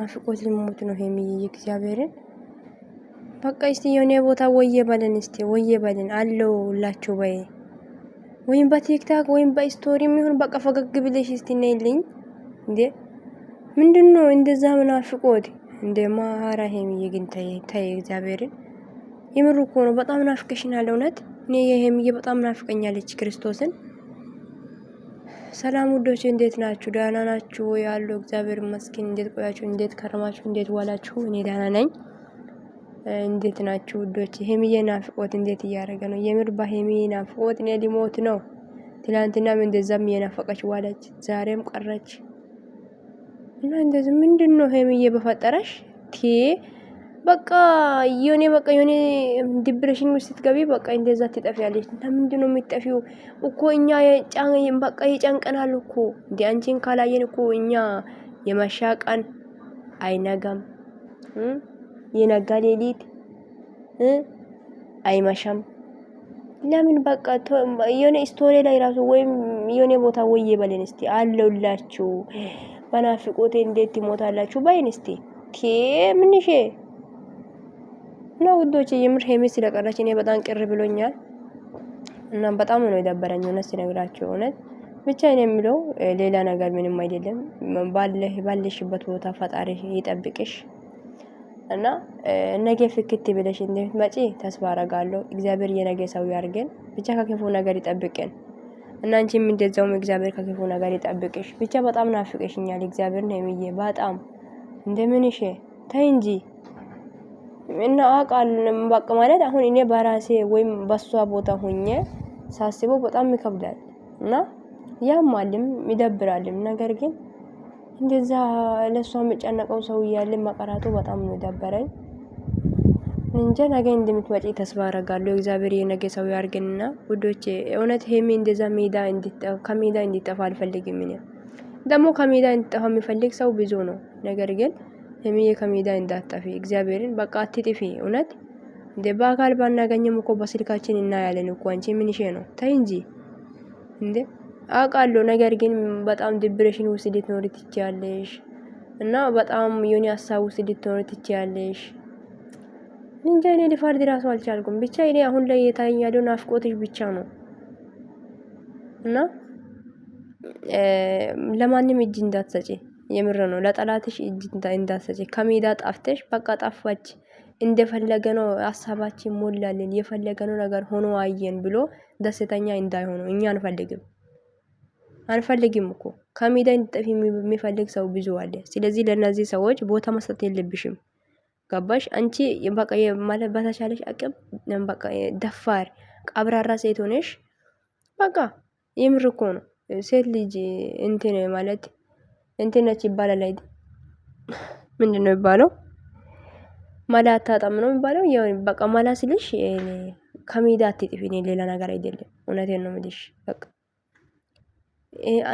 ናፍቆት ልሞት ነው ሄሚዬ፣ እግዚአብሔርን በቃ እስቲ የሆነ ቦታ ወየ በለን፣ እስቲ ወየ በለን አለው ሁላችሁ በይ፣ ወይም በቲክታክ ወይም በስቶሪ የሚሆን በቃ ፈገግ ብለሽ እስቲ ነይልኝ። እንዴ ምንድን ነው እንደዛ ናፍቆት? እንዴ ማራ ሄሚዬ ግን ተይ ተይ፣ እግዚአብሔርን የምር እኮ ነው በጣም ናፍቀሽናል። እውነት እኔ የሄሚዬ በጣም ናፍቀኛለች ክርስቶስን ሰላም ውዶች እንዴት ናችሁ? ደህና ናችሁ ያሉ እግዚአብሔር ይመስገን። እንዴት ቆያችሁ? እንዴት ከረማችሁ? እንዴት ዋላችሁ? እኔ ደህና ነኝ። እንዴት ናችሁ ውዶች? ሄሚዬ ናፍቆት እንዴት እያደረገ ነው? የምር በሄሚ ናፍቆት እኔ ሊሞት ነው። ትላንትናም እንደዛም እየናፈቀች ዋለች፣ ዛሬም ቀረች እና እንደዚህ ምንድን ነው ሄሚዬ በፈጠረሽ ቴ በቃ የሆኔ በቃ የሆኔ ዲፕሬሽን ውስጥ ስትገቢ በቃ እንደዛ ትጠፊያለች ለምንድን ነው የምትጠፊው እኮ እኛ በቃ ይጨንቀናል እኮ እንዲ አንቺን ካላየን እኮ እኛ የመሻቀን አይነጋም፣ የነጋ ሌሊት አይመሻም። ለምን በቃ የሆነ ስቶሪ ላይ ራሱ ወይም የሆነ ቦታ ወየ በልን እስቲ አለውላችሁ በናፍቆቴ እንዴት ትሞታላችሁ? ባይን እስቲ ቴ ምንሼ እና ውዶች የምር ሄሜ ስለቀረች እኔ በጣም ቅር ብሎኛል። እና በጣም ነው የደበረኝ እውነት ሲነግራቸው እውነት ብቻ እኔ የሚለው ሌላ ነገር ምንም አይደለም። ባለሽበት ቦታ ፈጣሪ ይጠብቅሽ እና ነገ ፍክት ብለሽ እንደምትመጪ ተስፋ አረጋለሁ። እግዚአብሔር የነገ ሰው ያርገን፣ ብቻ ከክፉ ነገር ይጠብቅን እና አንቺም እንደዛውም እግዚአብሔር ከክፉ ነገር ይጠብቅሽ። ብቻ በጣም ናፍቀሽኛል። እግዚአብሔር ነው የሚዬ በጣም እንደምንሽ ተይ እንጂ እና አውቃለሁ በቃ ማለት አሁን እኔ በራሴ ወይም በሷ ቦታ ሆኜ ሳስበው በጣም ይከብዳል እና ያማልም ይደብራልም። ነገር ግን እንደዛ ለሷ የሚጨነቀው ሰው እያለ መቀራቱ በጣም ነው የደበረኝ። እንጃ ነገ እንደምትወጪ ተስፋ አረጋለሁ። እግዚአብሔር የነገ ሰው ያርገንና ውዶቼ፣ እውነት ሄሜ እንደዛ ሜዳ ከሜዳ እንዲጠፋ አልፈልግም። እኔ ደግሞ ከሜዳ እንዲጠፋ የሚፈልግ ሰው ብዙ ነው። ነገር ግን ሄሚዬ ከሜዳ እንዳጠፊ እግዚአብሔርን በቃ አትጥፊ። እውነት እንደ በአካል ባናገኘም እኮ በስልካችን እናያለን እኮ አንቺ ምንሽ ነው? ተይ እንጂ እንዴ አውቃለሁ። ነገር ግን በጣም ዲፕሬሽን ውስጥ ልትኖሪ ትችያለሽ፣ እና በጣም የሆነ ሀሳብ ውስጥ ልትኖሪ ትችያለሽ። እንጃ እኔ ልፋርድ ራሱ አልቻልኩም። ብቻ እኔ አሁን ላይ የታየኝ ያለው ናፍቆትሽ ብቻ ነው እና ለማንም እጅ እንዳትሰጪ የምር ነው። ለጠላትሽ እጅ እንዳሰጭ ከሜዳ ጣፍተሽ በቃ ጣፋች እንደፈለገ ነው ሀሳባችን ሞላልን የፈለገነው ነገር ሆኖ አየን ብሎ ደስተኛ እንዳይሆኑ እኛ አንፈልግም አንፈልግም እኮ ከሜዳ እንድጠፊ የሚፈልግ ሰው ብዙ አለ። ስለዚህ ለእነዚህ ሰዎች ቦታ መስጠት የለብሽም። ገባሽ? አንቺ በተቻለሽ አቅም ደፋር ቀብራራ ሴት ሆነሽ በቃ የምር እኮ ነው ሴት ልጅ እንትን ማለት እንትነች ይባላል አይደል? ምንድን ነው የሚባለው? ማላ አታጣም ነው የሚባለው። ያው በቃ ማላ ስልሽ ከሜዳ አትጥፊ፣ ሌላ ነገር አይደለም። እውነቴን ነው የምልሽ። በቃ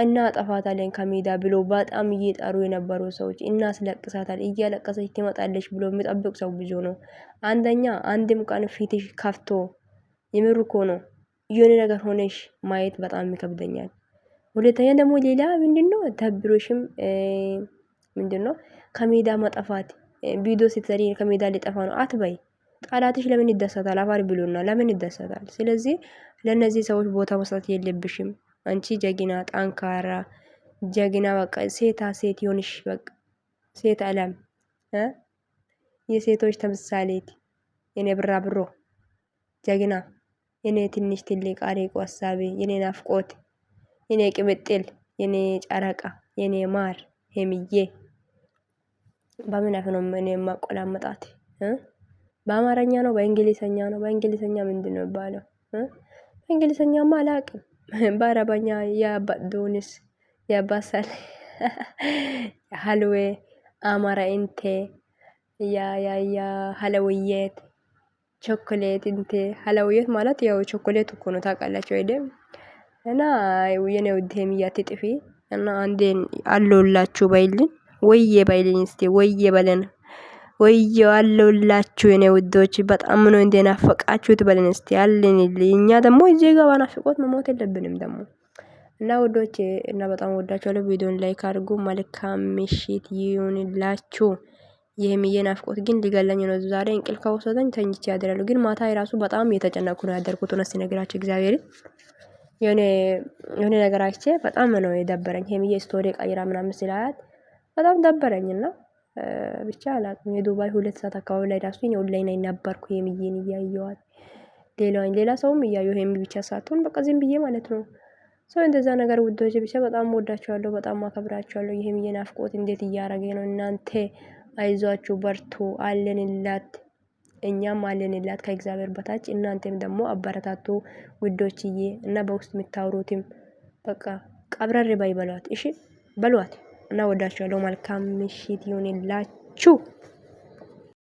እና ጠፋታለን ከሜዳ ብሎ በጣም እየጠሩ የነበሩ ሰዎች እናስለቅሳታል፣ እያለቀሰች ትመጣለች ብሎ የሚጠብቅ ሰው ብዙ ነው። አንደኛ አንድም ቀን ፊትሽ ከፍቶ የምር ነው የሆነ ነገር ሆነሽ ማየት በጣም ይከብደኛል። ሁለተኛ ደግሞ ሌላ ምንድነው ደብሮሽም ምንድነው ከሜዳ መጠፋት ቪዲዮ ስትሰሪ ከሜዳ ሊጠፋ ነው አትበይ። ጠላትሽ ለምን ይደሰታል? አፋር ብሎ ነው ለምን ይደሰታል? ስለዚህ ለነዚህ ሰዎች ቦታ መስጠት የለብሽም። አንቺ ጀግና፣ ጠንካራ ጀግና በቃ ሴታ ሴት የሆንሽ በቃ ሴት አለም የሴቶች ተምሳሌት የኔ ብራ ብሮ ጀግና የኔ ትንሽ ትልቅ አሪቆ ሀሳቤ የኔ ናፍቆት የኔ ቅምጥል፣ የኔ ጨረቃ፣ የኔ ማር ሄምዬ በምን አፍ ነው እኔ የማቆላመጣት? በአማርኛ ነው? በእንግሊዘኛ ነው? በእንግሊዘኛ ምንድን ነው ባለው? በእንግሊዘኛማ አላቅም። በአረበኛ የአባዶንስ የአባሳል ሀልዌ አማራ እንቴ ያያያ ሀለውየት ቾኮሌት እንቴ ሀለውየት ማለት ያው ቾኮሌት እኮ ነው ታውቃላችሁ አይደል? እና የኔ ውድ ሀይሚዬ አትጥፊ እና አንዴን አለሁላችሁ ባይልን ወዬ ባይልን እስቲ ወዬ በለን ወዬ አለሁላችሁ የኔ ውዶች፣ በጣም ነው እንደናፈቃችሁት በለን እስቲ አለንልኝ። እኛ ደግሞ እዚህ ጋር በናፍቆት መሞት የለብንም ደግሞ እና ውዶች እና በጣም ወዳችኋለሁ። ቪዲዮን ላይክ አድርጉ። መልካም ምሽት ይሁንላችሁ። የሀይሚዬ ናፍቆት ግን ሊገለኝ ነው። ዛሬ እንቅልፍ ከወሰደኝ ተኝቼ ያደራሉ። ግን ማታ የራሱ በጣም የተጨነኩ ነው ያደርኩት እውነት ስነግራችሁ እግዚአብሔርን የሆነ ነገር አይቼ በጣም ነው የደበረኝ ሄምዬ ስቶሪ ቀይራ ምናምን ስላያት በጣም ደበረኝ እና ብቻ አላቅም። የዱባይ ሁለት ሰዓት አካባቢ ላይ ራሱ ኦንላይን ላይ ነበርኩ ሄምዬን እያየኋት። ሌላዋን ሌላ ሰውም እያየ ሄሚ ብቻ ሳትሆን በቃ ዝም ብዬ ማለት ነው። ሰው እንደዛ ነገር ውዶች ብቻ በጣም ወዳቸዋለሁ፣ በጣም አከብራቸዋለሁ። ይህም የናፍቆት እንዴት እያረገ ነው እናንተ አይዟችሁ በርቱ አለንላት እኛም አለንላት ከእግዚአብሔር በታች። እናንተም ደግሞ አበረታቱ ውዶችዬ እና በውስጥ የምታወሩትም በቃ ቀብረር ባይ በሏት። እሺ በሏት እና ወዳችኋለሁ። መልካም ምሽት ይሁንላችሁ።